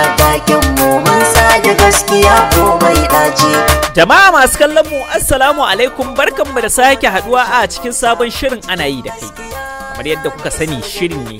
gaskiya mu mun sake gaskiya komai dace Jama'a masu kallon mu Assalamu alaikum barkanmu da sake haduwa a cikin sabon shirin ana yi da kai. Kamar yadda kuka sani shirin ne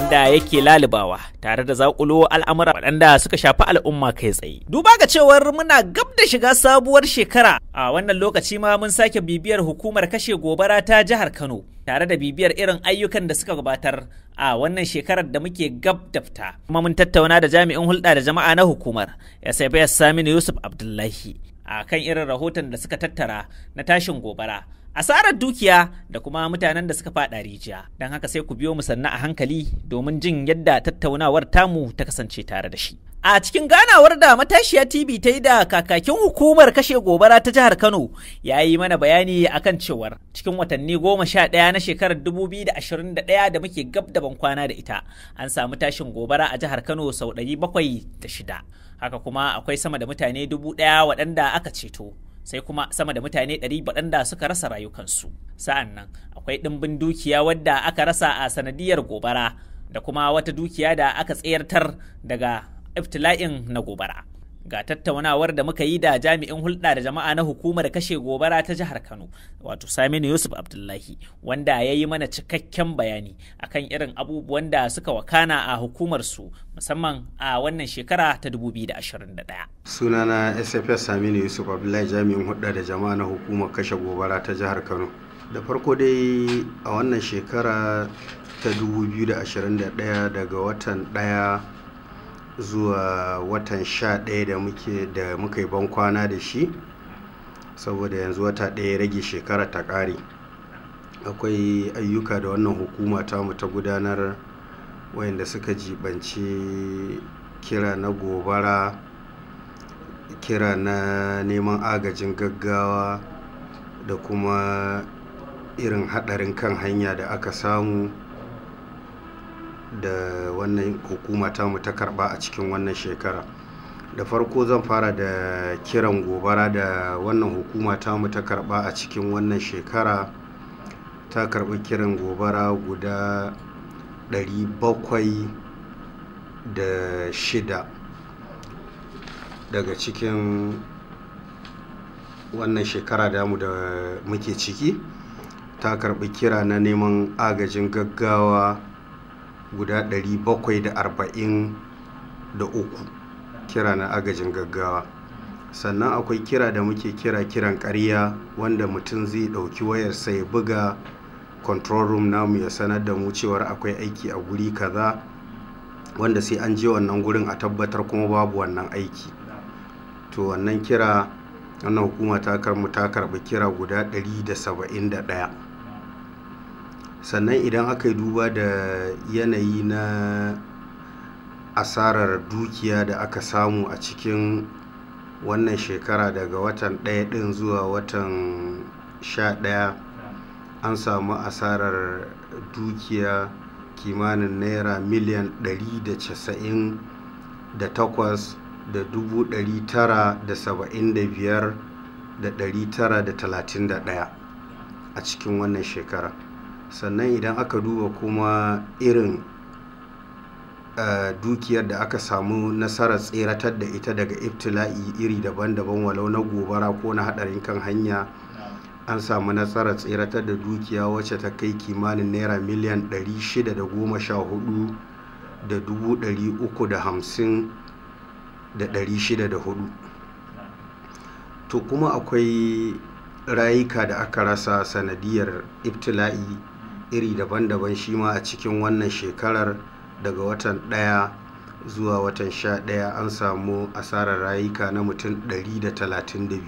wanda yake lalibawa tare da zakulo al'amura waɗanda suka shafi al'umma kai tsaye. Duba ga cewar muna gab da shiga sabuwar shekara a wannan lokaci ma mun sake bibiyar hukumar kashe gobara ta jihar Kano tare da bibiyar irin ayyukan da suka gabatar a wannan shekarar da muke gab da fita. Kuma mun tattauna da jami'in hulɗa da jama'a na hukumar SFS Saminu Yusuf Abdullahi a kan irin rahoton da suka tattara na tashin gobara. asarar dukiya da kuma mutanen da suka faɗa rijiya don haka sai ku biyo mu sannu a hankali domin jin yadda tattaunawar tamu ta kasance tare da shi a cikin ganawar da matashiya tv ta yi da kakakin hukumar kashe gobara ta jihar kano ya yi mana bayani akan cewar cikin watanni goma sha ɗaya na shekarar dubu 2021 da muke gab da bankwana da ita an samu tashin gobara a jihar kano sau ɗari bakwai da shida haka kuma akwai sama da mutane dubu ɗaya waɗanda aka ceto sai kuma sama da mutane 100 da suka rasa rayukansu sa'an nan akwai ɗimbin dukiya wadda aka rasa a sanadiyar gobara da kuma wata dukiya da aka tsayartar daga iftila'in na gobara ga tattaunawar da muka yi da jami'in hulɗa da jama'a na hukumar kashe gobara ta jihar Kano wato Saminu Yusuf Abdullahi wanda ya yi mana cikakken bayani akan irin abubuwan da suka wakana a hukumar su musamman a wannan shekara ta 2021. Sunana SFS Saminu Yusuf Abdullahi jami'in hulɗa da jama'a na hukumar kashe gobara ta jihar Kano. Da farko dai a wannan shekara ta 2021 daga watan ɗaya zuwa watan sha ɗaya da muke da muka yi bankwana da shi saboda yanzu wata ɗaya rage shekara ta ƙare akwai ayyuka da wannan hukuma tamu ta gudanar wayanda suka jibanci kira na gobara kira na neman agajin gaggawa da kuma irin haɗarin kan hanya da aka samu da wannan hukuma ta mu ta karba a cikin wannan shekara da farko zan fara da kiran gobara da wannan hukuma ta mu ta karba a cikin wannan shekara ta karbi kiran gobara guda 706 daga cikin wannan shekara da mu da muke ciki ta karbi kira na neman agajin gaggawa guda ɗari bakwai da arba'in 743 kira na agajin gaggawa sannan akwai kira da muke kira kiran karya wanda mutum zai ɗauki wayar sai buga control room namu ya sanar da mu cewar akwai aiki a guri kaza wanda sai an je wannan gurin a tabbatar kuma babu wannan aiki to wannan kira wannan hukuma ta ta karɓi kira guda ɗari da da saba'in ɗaya. sannan idan aka yi duba da yanayi na asarar dukiya da aka samu a cikin wannan shekara daga watan ɗaya ɗin zuwa watan sha ɗaya an samu asarar dukiya kimanin naira miliyan 198 da dubu ɗari da saba'in da biyar da tara da talatin da ɗaya a cikin wannan shekara sannan idan aka duba kuma irin eh, dukiyar da aka samu nasarar tseratar da ita daga iftila'i iri daban-daban walau na gobara ko na hadarin kan hanya an samu nasarar tseratar da dukiya wacce ta kai kimanin naira miliyan 614 da uku da hudu to kuma akwai rayuka da aka rasa sanadiyar iftila'i iri daban-daban shi ma a cikin wannan shekarar daga watan ɗaya zuwa watan sha ɗaya an samu asarar rayuka na mutum 132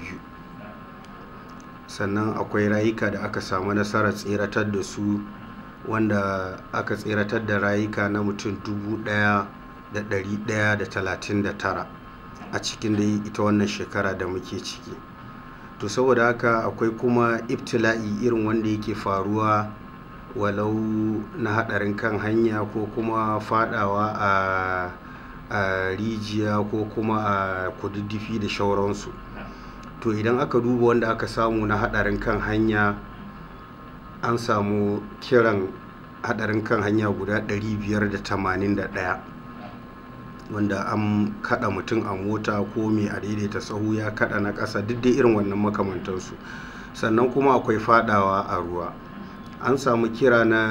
sannan akwai rayuka da aka samu nasarar tseratar da su wanda aka tseratar da rayuka na mutum 1,139 a cikin da ita wannan shekara da muke ciki to saboda haka akwai kuma ibtila'i irin wanda yake faruwa walau na hadarin kan hanya ko kuma fadawa a a rijiya ko kuma a kududdufi da shauransu to idan aka duba wanda aka samu na hadarin kan hanya an samu kiran hadarin kan hanya guda 581 wanda an kada mutum a mota ko mai a daidaita sahu ya kada na kasa duk da irin wannan makamantansu sannan kuma akwai fadawa a ruwa an samu kira na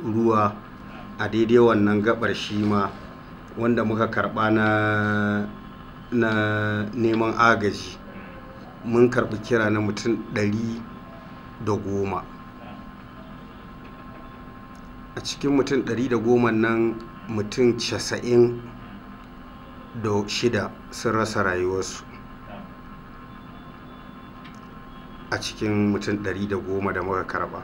ruwa a daidai wannan gabar shi ma wanda muka karba na neman agaji mun karbi kira na mutum ɗari da goma a cikin mutum ɗari da goma nan mutum casa'in da shida sun rasa rayuwarsu a cikin mutum ɗari da goma da muka karba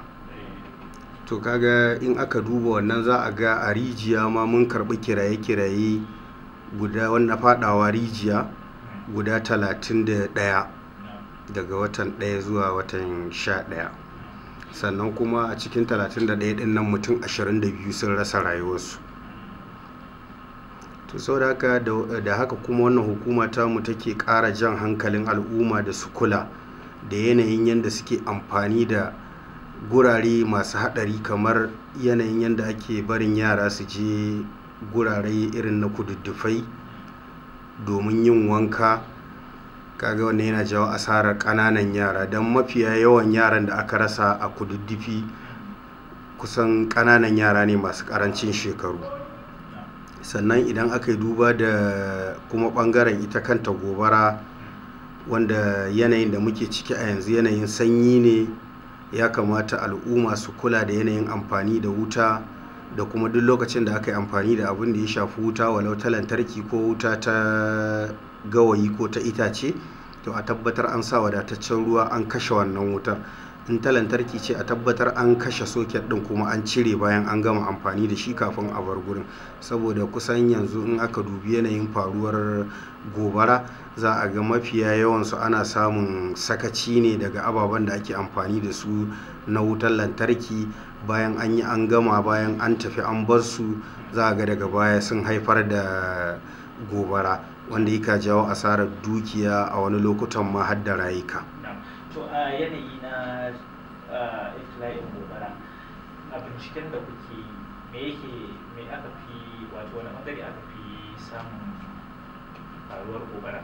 to kaga in aka duba wannan za a ga a rijiya ma mun karɓi kiraye-kiraye guda wanda faɗawa rijiya guda 31 daga watan 1 zuwa watan 11 sannan kuma a cikin 31 ɗin nan mutum 22 sun rasa rayuwarsu to sau da haka kuma wannan hukuma ta mu take ƙara jan hankalin al'umma da su kula da yanayin yadda suke amfani da gurare masu haɗari kamar yanayin yadda ake barin yara su je gurare irin na kududdufai domin yin wanka kaga wannan yana jawo asarar ƙananan yara don mafiya yawan yaran da aka rasa a kududdufi kusan ƙananan yara ne masu ƙarancin shekaru sannan idan aka yi duba da kuma ɓangaren ita kanta gobara wanda yanayin da muke ciki a yanzu yanayin sanyi ne ya kamata al'umma su kula da yanayin amfani da wuta da kuma duk lokacin da aka yi amfani da abin da ya shafi wuta walau ta lantarki ko wuta ta gawayi ko ta itace to a tabbatar an sa wadataccen ruwa an kashe wannan wutar in ta lantarki ce a tabbatar an kashe soket din kuma an cire bayan an gama amfani da shi kafin a bar gurin saboda kusan yanzu in aka dubi yanayin faruwar gobara za a ga mafiya yawansu ana samun sakaci ne daga ababen da ake amfani da su na wutar lantarki bayan an yi an gama bayan an tafi an bar su za a ga daga baya sun haifar da gobara wanda yaka jawo asarar dukiya a wani lokutan ma har rayuka. to a yanayi na iftila'in gobara a binciken da kuke mai me yake me aka fi wato wani bangare aka fi samun faruwar gobara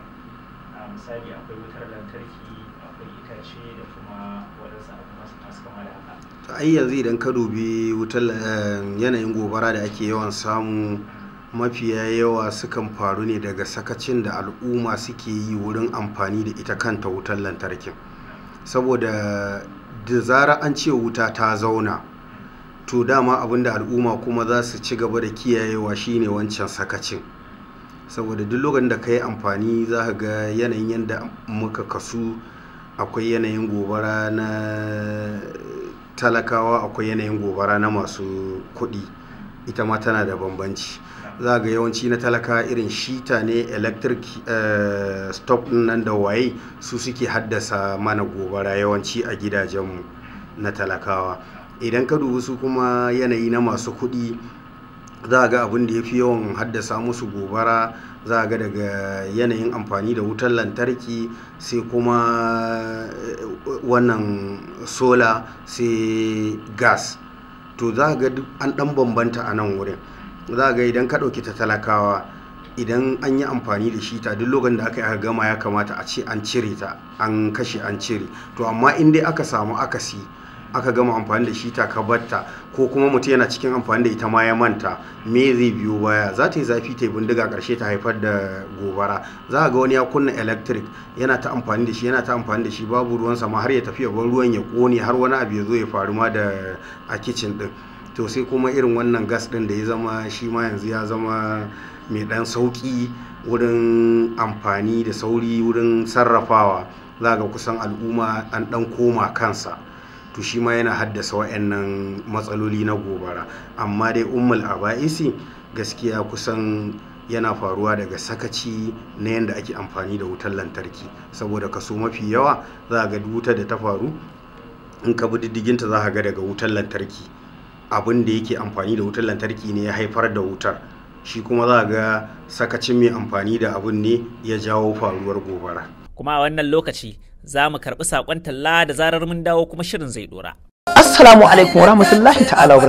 a misali akwai wutar lantarki akwai itace da kuma waɗansu abu masu masu kama da haka to ai yanzu idan ka dubi wutar eh, yanayin gobara da ake yawan samu mafiya yawa sukan faru ne daga sakacin da al'umma suke yi wurin amfani da ita kanta wutar lantarkin saboda da zara an ce wuta ta zauna to dama abinda al'umma kuma za su ci gaba da kiyayewa shine wancan sakacin saboda duk lokacin da ka yi amfani za ka ga yanayin yadda muka kasu akwai yanayin gobara na talakawa akwai yanayin gobara na masu kuɗi ita ma tana da bambanci za ga yawanci na talaka irin shita ne electric eh, stop nan da waye su suke haddasa mana gobara yawanci a gidajenmu na talakawa idan ka dubi su kuma yanayi na masu kuɗi za ga abin da ya fi yawan haddasa musu gobara za ga daga yanayin amfani da wutar lantarki sai kuma eh, wannan sola sai gas to za ga an ɗan bambanta a nan wurin za ga idan ka ɗauki ta talakawa idan an yi amfani da shi ta duk lokacin da aka yi gama ya kamata a ce an cire ta an kashe an cire to amma in dai aka samu akasi aka gama amfani da shi ta ka batta ko kuma mutum yana cikin amfani da ita ma ya manta me zai biyo baya za ta yi zafi ta yi bindiga karshe ta haifar da gobara za ga wani ya kunna electric yana ta amfani da shi yana ta amfani da shi babu ruwan sama har ya tafi ya ruwan ya kone har wani abu ya zo ya faru ma da a kicin din to sai kuma irin wannan gas din da ya zama shi ma yanzu ya zama mai ɗan sauki wurin amfani da sauri wurin sarrafawa za ga kusan al'umma an ɗan koma kansa to shi ma yana haddasa wa'annan matsaloli na gobara amma dai ummul aba'isi gaskiya kusan yana faruwa daga sakaci na yadda ake amfani da wutar lantarki saboda kaso mafi yawa za ga wuta da ta faru in ka bi diddiginta za ka ga daga wutar lantarki abin da yake amfani da wutar lantarki ne ya haifar da wutar shi kuma za ga sakacin mai amfani da abin ne ya jawo faruwar gobara kuma a wannan lokaci za mu karɓi saƙon talla da zarar mun dawo kuma shirin zai dora assalamu alaikum warahmatullahi ta'ala wa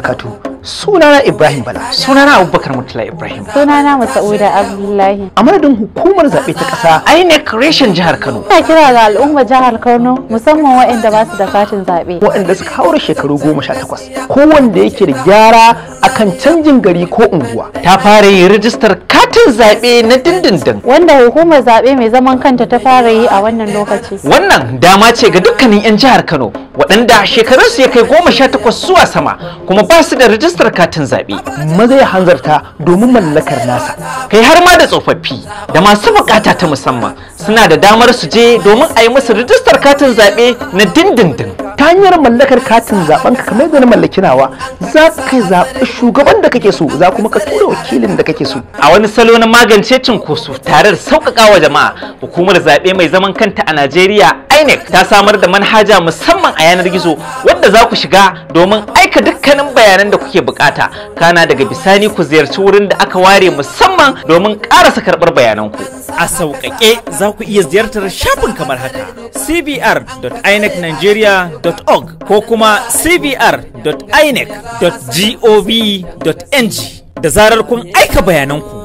sunana ibrahim bala sunana abubakar mutula ibrahim sunana masauda abdullahi a madadin hukumar zaɓe ta ƙasa inec reshen jihar kano ina kira ga al'umma jihar kano musamman waɗanda ba su da katin zaɓe waɗanda suka haura shekaru goma sha takwas ko wanda yake da gyara akan canjin gari ko unguwa ta fara yin rijistar katin zaɓe na dindindin wanda hukumar zaɓe mai zaman kanta ta fara yi a wannan lokaci wannan dama ce ga dukkanin 'yan jihar kano waɗanda shekarunsu ya kai goma sha takwas zuwa sama kuma ba su da rijistar rajistar katin zaɓe maza ya hanzarta domin mallakar nasa kai har ma da tsofaffi da masu bukata ta musamman suna da damar su je domin a yi musu rijistar katin zaɓe na dindindin ta hanyar mallakar katin zaben ka kamar da na mallaki nawa za ka zaɓi shugaban da kake so za kuma ka tura wakilin da kake so a wani salo na magance cinkoso tare da sauƙaƙa wa jama'a hukumar zaɓe mai zaman kanta a Najeriya INEC ta samar da manhaja musamman a yanar gizo da za ku shiga domin aika dukkanin bayanan da kuke bukata kana daga bisani ku ziyarci wurin da aka ware musamman domin karasa bayanan bayananku a sauƙaƙe za ku iya ziyartar shafin kamar haka cbr.inecnigeria.org ko kuma cbr.inec.gov.ng da zarar kun aika bayananku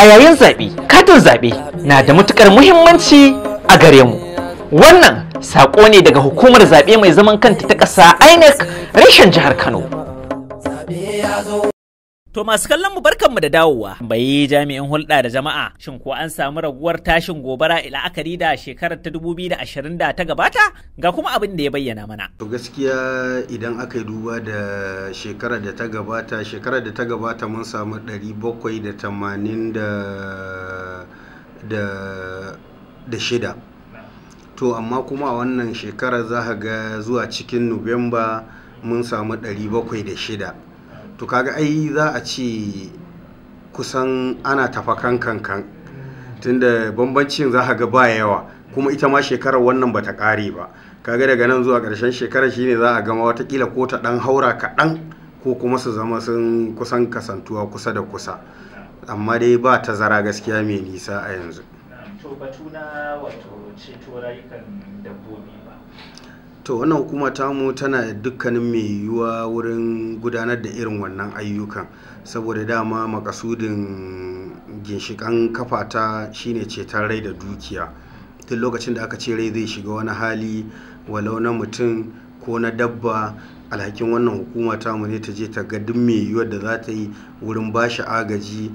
a yayin zaɓe katin zaɓe na da matukar muhimmanci a gare mu wannan saƙo ne daga hukumar zaɓe mai zaman kanta ta ƙasa inec reshen jihar kano To masu kallon mu barkanmu da dawowa. Bai jami'in hulɗa da jama'a shin ko an samu raguwar tashin gobara ila akari da shekarar ta 2020 da ta gabata ga kuma abin da ya bayyana mana. To gaskiya idan aka yi duba da shekarar da ta gabata shekarar da ta gabata mun samu 780 da da da shida. To amma kuma a wannan shekarar za ga zuwa cikin Nuwamba mun samu shida. to kaga ai za a ci kusan ana tafa kankan kan tunda bambancin za ga ba yawa kuma ita ma shekarar wannan bata kare ba kaga daga nan zuwa karshen shekarar shine za a gama watakila ko ta dan haura kaɗan ko kuma su zama sun kusan kasantuwa kusa da kusa amma dai ba tazara gaskiya mai nisa a yanzu to batu na wato ceto rayukan dabbobi to wannan hukuma mu tana dukkanin mai yiwuwa wurin gudanar da irin wannan ayyukan saboda dama makasudin ginshikan kafa ta shine ceton rai da dukiya tun lokacin da aka ce rai zai shiga wani hali walau na mutum ko na dabba alhakin wannan hukuma mu ne ta je ta ga duk mai yiwuwar da za ta yi wurin ba shi agaji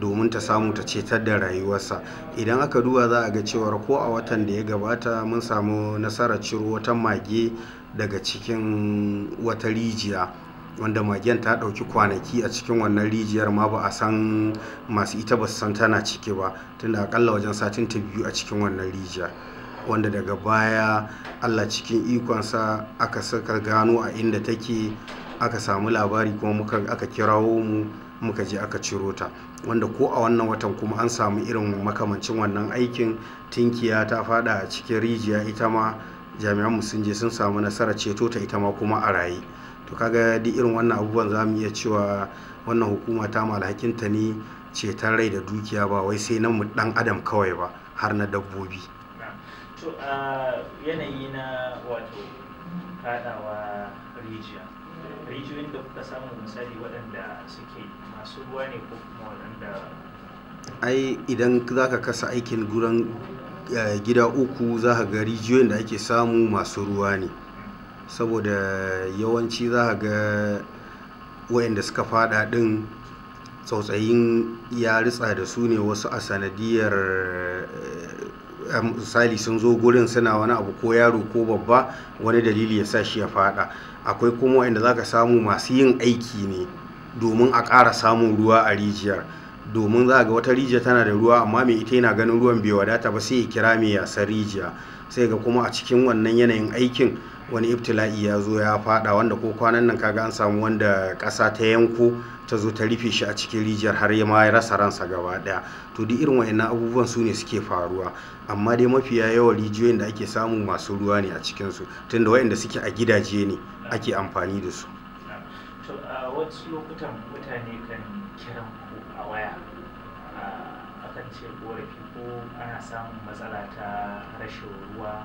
domin ta samu ta cetar da rayuwarsa idan aka duba za a ga cewar ko a watan da ya gabata mun samu nasarar ciro wata mage daga cikin wata rijiya wanda magen ta ɗauki kwanaki a cikin wannan rijiyar ma ba a san masu ita ba su san tana ciki ba tunda akalla wajen satin ta biyu a cikin wannan rijiyar. wanda daga baya allah cikin ikonsa aka saka gano a inda take aka samu labari kuma aka kirawo mu muka je aka ciro ta wanda ko a wannan watan kuma an samu irin makamancin wannan aikin tinkiya ta fada a cikin rijiya ita ma jami'an sun je sun samu nasara ceto ta ita ma kuma a raye to kaga duk irin wannan abubuwan za mu iya cewa wannan hukuma ta alhakinta ne ceton rai da dukiya ba wai sai na dan adam kawai ba har na dabbobi yanayi na wato fadawa rijiya rijiyoyin da kuka samu misali waɗanda suke masu ruwa ne ko kuma waɗanda ai idan za ka kasa aikin guran eh, gida uku za ka ga rijiyoyin da ake samu masu ruwa ne saboda yawanci za ka ga wayanda suka fada din tsautsayin ya ritsa da su ne wasu a sanadiyar eh, misali sun zo gurin suna wani abu ko yaro ko babba wani dalili ya sa shi ya fada akwai kuma wanda zaka samu masu yin aiki ne domin a ƙara samun ruwa a rijiyar domin za ga wata rijiya tana da ruwa amma mai ita yana ganin ruwan bai wadata ba sai ya kira mai yasa rijiya sai ga kuma a cikin wannan yanayin aikin wani ibtila'i ya zo ya fada wanda ko kwanan nan kaga an samu wanda ƙasa ta yanko ta zo ta rufe shi a cikin rijiyar har ya ma ya rasa ransa gaba daya to duk irin wa'annan abubuwan su ne suke faruwa amma dai mafiya yawan rijiyoyin da ake samu masu ruwa ne a cikinsu tunda wa'anda suke a gidaje ne ake amfani da su to a wasu lokutan mutane kan kiran ku a waya kan ce korafi ko ana samun matsala ta rashin ruwa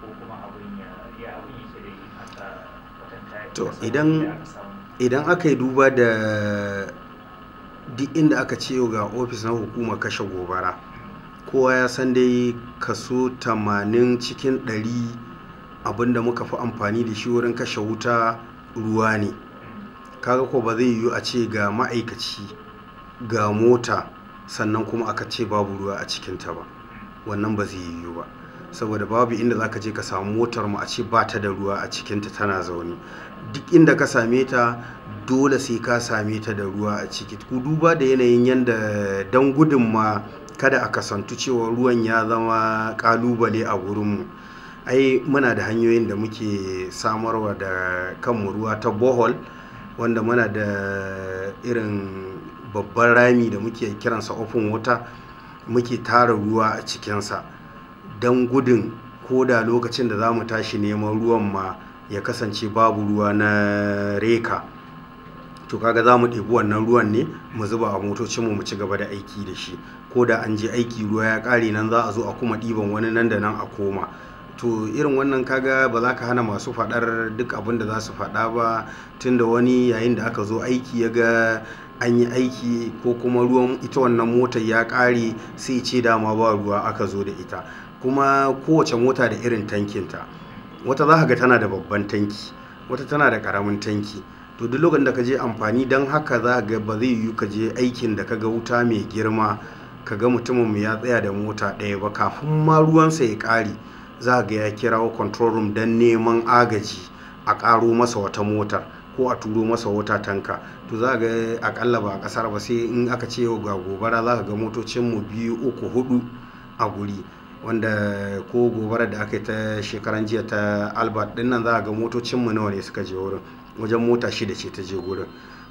ko kuma abin ya abin yake da haka to idan idan aka yi duba da duk inda aka ce ga ofis na hukuma kashe gobara kowa ya san dai kaso 80 cikin 100 abin da muka fi amfani da shi wurin kashe wuta ruwa ne kaga ko ba zai yiwu a ce ga ma'aikaci ga mota sannan kuma aka ce babu ruwa a cikinta ba wannan ba zai yiwu ba saboda babu inda za ka je ka samu motar mu a ce ba ta da ruwa a cikinta tana zaune duk inda ka same ta dole sai ka same ta da ruwa a ciki ku duba da yanayin yanda don gudun ma kada a kasantu cewa ruwan ya zama kalubale a gurinmu ai muna da hanyoyin da muke samarwa da kanmu ruwa ta bohol wanda muna da irin babban rami da muke kiransa open water muke tara ruwa a cikinsa don gudun ko da lokacin da za mu tashi neman ruwan ma ya kasance babu ruwa na reka to kaga za mu ɗebi wannan ruwan ne mu zuba a motocinmu mu ci gaba da aiki da shi ko da an je aiki ruwa ya ƙare nan za a zo a kuma ɗiban wani nan da nan a koma to irin wannan kaga ba za ka hana masu faɗar duk abin da za su faɗa ba tunda wani yayin da aka zo aiki ya ga an yi aiki ko kuma ruwan ita wannan motar ya kare sai ce dama ba ruwa aka zo da ita kuma kowace mota da irin tankinta wata za ka ga tana da babban tanki wata tana da karamin tanki to duk lokacin da ka je amfani don haka za ga ba zai yiwu ka je aikin da ka ga wuta mai girma ka ga mutumin ya tsaya da mota ɗaya ba kafin ma ruwansa ya ƙare za ga ya kirawo control room don neman agaji a karo masa wata motar ko a turo masa wata tanka to za ga akalla ba a ƙasar ba sai in aka ce ga gobara za ka ga motocinmu biyu uku hudu a guri wanda ko gobara da aka yi ta shekaran jiya ta albert dinnan za a ga motocinmu nawa ne suka je wurin wajen mota shida ce ta je gurin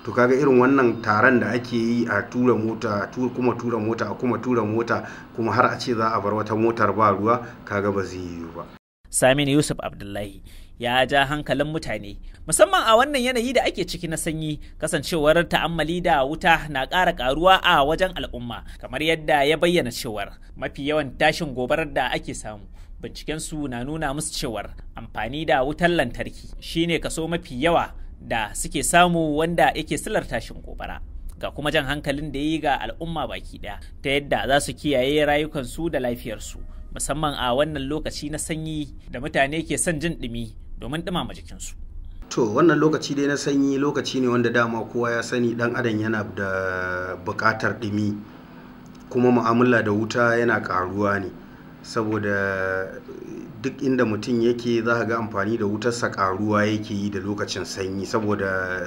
to kaga irin wannan taron da ake yi a tura mota kuma tura mota a kuma tura mota kuma har a ce za a bar wata motar ba ruwa kaga ba zai yi ba Saminu Yusuf Abdullahi ya ja hankalin mutane musamman a wannan yanayi da ake ciki na sanyi kasancewar ta'ammali da wuta na ƙara ƙaruwa a wajen al'umma kamar yadda ya bayyana cewar mafi yawan tashin gobarar da ake samu binciken su na nuna musu cewar amfani da wutar lantarki shine kaso mafi yawa da suke samu wanda yake silar tashin gobara ga kuma jan hankalin da yi ga al'umma baki daya ta yadda za su kiyaye rayukansu da lafiyarsu musamman a wannan lokaci na sanyi da mutane ke son jin ɗumi domin ɗumama jikinsu. to wannan lokaci dai na sanyi lokaci ne wanda dama kowa ya sani dan adam yana da bukatar ɗumi kuma mu'amala da wuta yana karuwa ne saboda duk inda mutum yake za ga amfani da wutarsa karuwa yake yi da lokacin sanyi saboda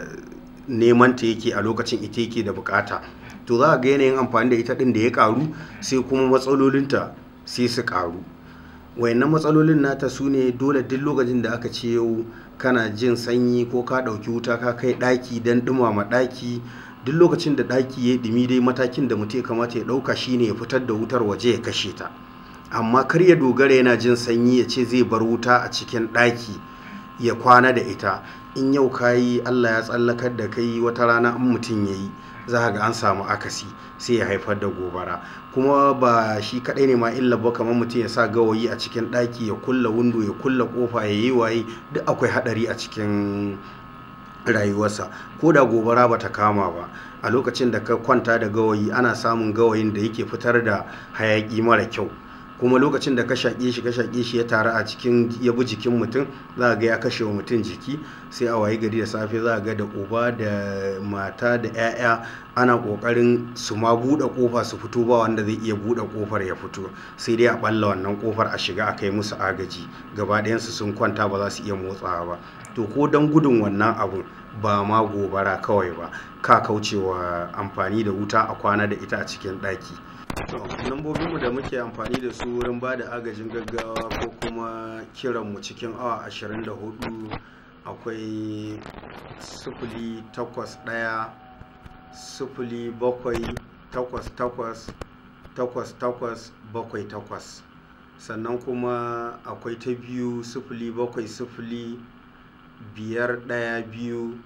nemanta yake a lokacin ita yake da bukata to za ga yanayin amfani da ita din da ya karu sai kuma matsalolinta sai su karu wayannan matsalolin nata su ne dole duk lokacin da aka ce yau kana jin sanyi ko ka ɗauki wuta ka kai ɗaki don ɗumama ɗaki duk lokacin da ɗaki ya ɗumi dai matakin da mutum ya kamata ya ɗauka shine ya fitar da wutar waje ya kashe ta amma kar ya dogara yana jin sanyi ya ce zai bar wuta a cikin ɗaki ya kwana da ita in yau ka yi allah ya tsallakar da kai wata rana in mutum ya yi za ga an samu akasi sai ya haifar da gobara kuma ba shi kadai ne ma illa ba kamar mutum ya sa gawayi a cikin ɗaki ya kulla windo ya kulla kofa ya yi waye duk akwai haɗari a cikin rayuwarsa ko da gobara ba ta kama ba a lokacin da ka kwanta da gawayi ana samun gawayin da yake fitar da hayaki mara kyau kuma lokacin da ka shaƙe shi ka shaƙe shi ya taru a cikin ya bi jikin mutum za ga ya kashe wa mutum jiki sai a wayi gari da safe za ga da uba da mata da 'ya'ya ana ƙoƙarin su ma buɗe ƙofa su fito ba wanda zai iya buɗe ƙofar ya fito sai dai a ɓalla wannan ƙofar a shiga a kai musu agaji gaba ɗayansu sun kwanta ba za su iya motsawa ba to ko don gudun wannan abu ba ma gobara kawai ba ka kaucewa amfani da wuta a kwana da ita a cikin ɗaki lambobinmu da muke amfani da su wurin ba da agajin gaggawa ko kuma kiranmu cikin awa 24 akwai sufuli takwas ɗaya sufuli bakwai takwas takwas takwas takwas bakwai takwas sannan kuma akwai ta biyu sufuli bakwai sufuli biyar ɗaya biyu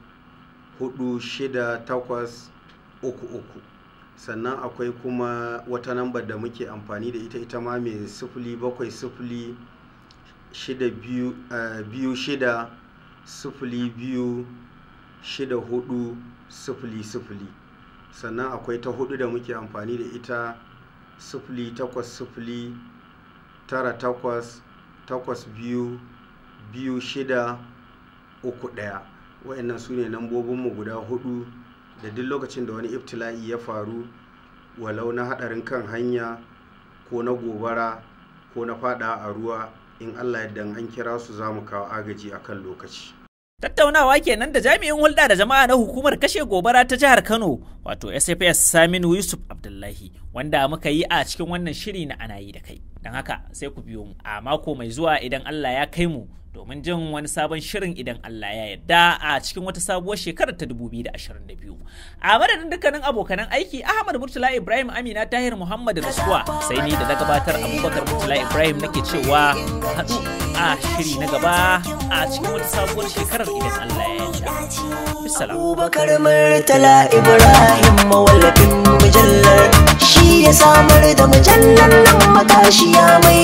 hudu shida takwas uku uku sannan akwai kuma wata nambar da muke amfani da ita ita ma mai sifili bakwai sufuli shida biyu eh, shida sufuli biyu shida hudu sufuli sufuli sannan akwai ta hudu da muke amfani da ita sifili takwas sufuli tara takwas takwas biyu biyu shida uku ɗaya wa'annan su ne lambobinmu guda hudu da duk lokacin da wani iftila'i ya faru walau na hadarin kan hanya ko na gobara ko na fada a ruwa in allah yadda an kira su za mu kawo agaji a kan lokaci tattaunawa kenan da jami'in hulɗa da jama'a na hukumar kashe gobara ta jihar kano wato sfs saminu yusuf abdullahi wanda muka yi a cikin wannan shiri na anayi da kai don haka sai ku biyo mu a mako mai zuwa idan allah ya kai mu domin jin wani sabon shirin idan Allah ya yarda a cikin wata sabuwar shekarar ta 2022. A madadin dukkanin abokanan aiki Ahmad Murtala Ibrahim Amina Tahir Muhammad Rasuwa sai ni da na gabatar Abubakar Murtala Ibrahim nake cewa haɗu a shiri na gaba a cikin wata sabuwar shekarar idan Allah ya yarda. Abubakar Murtala Ibrahim mawallafin mujallar shi ya samar da mujallar nan makashiya mai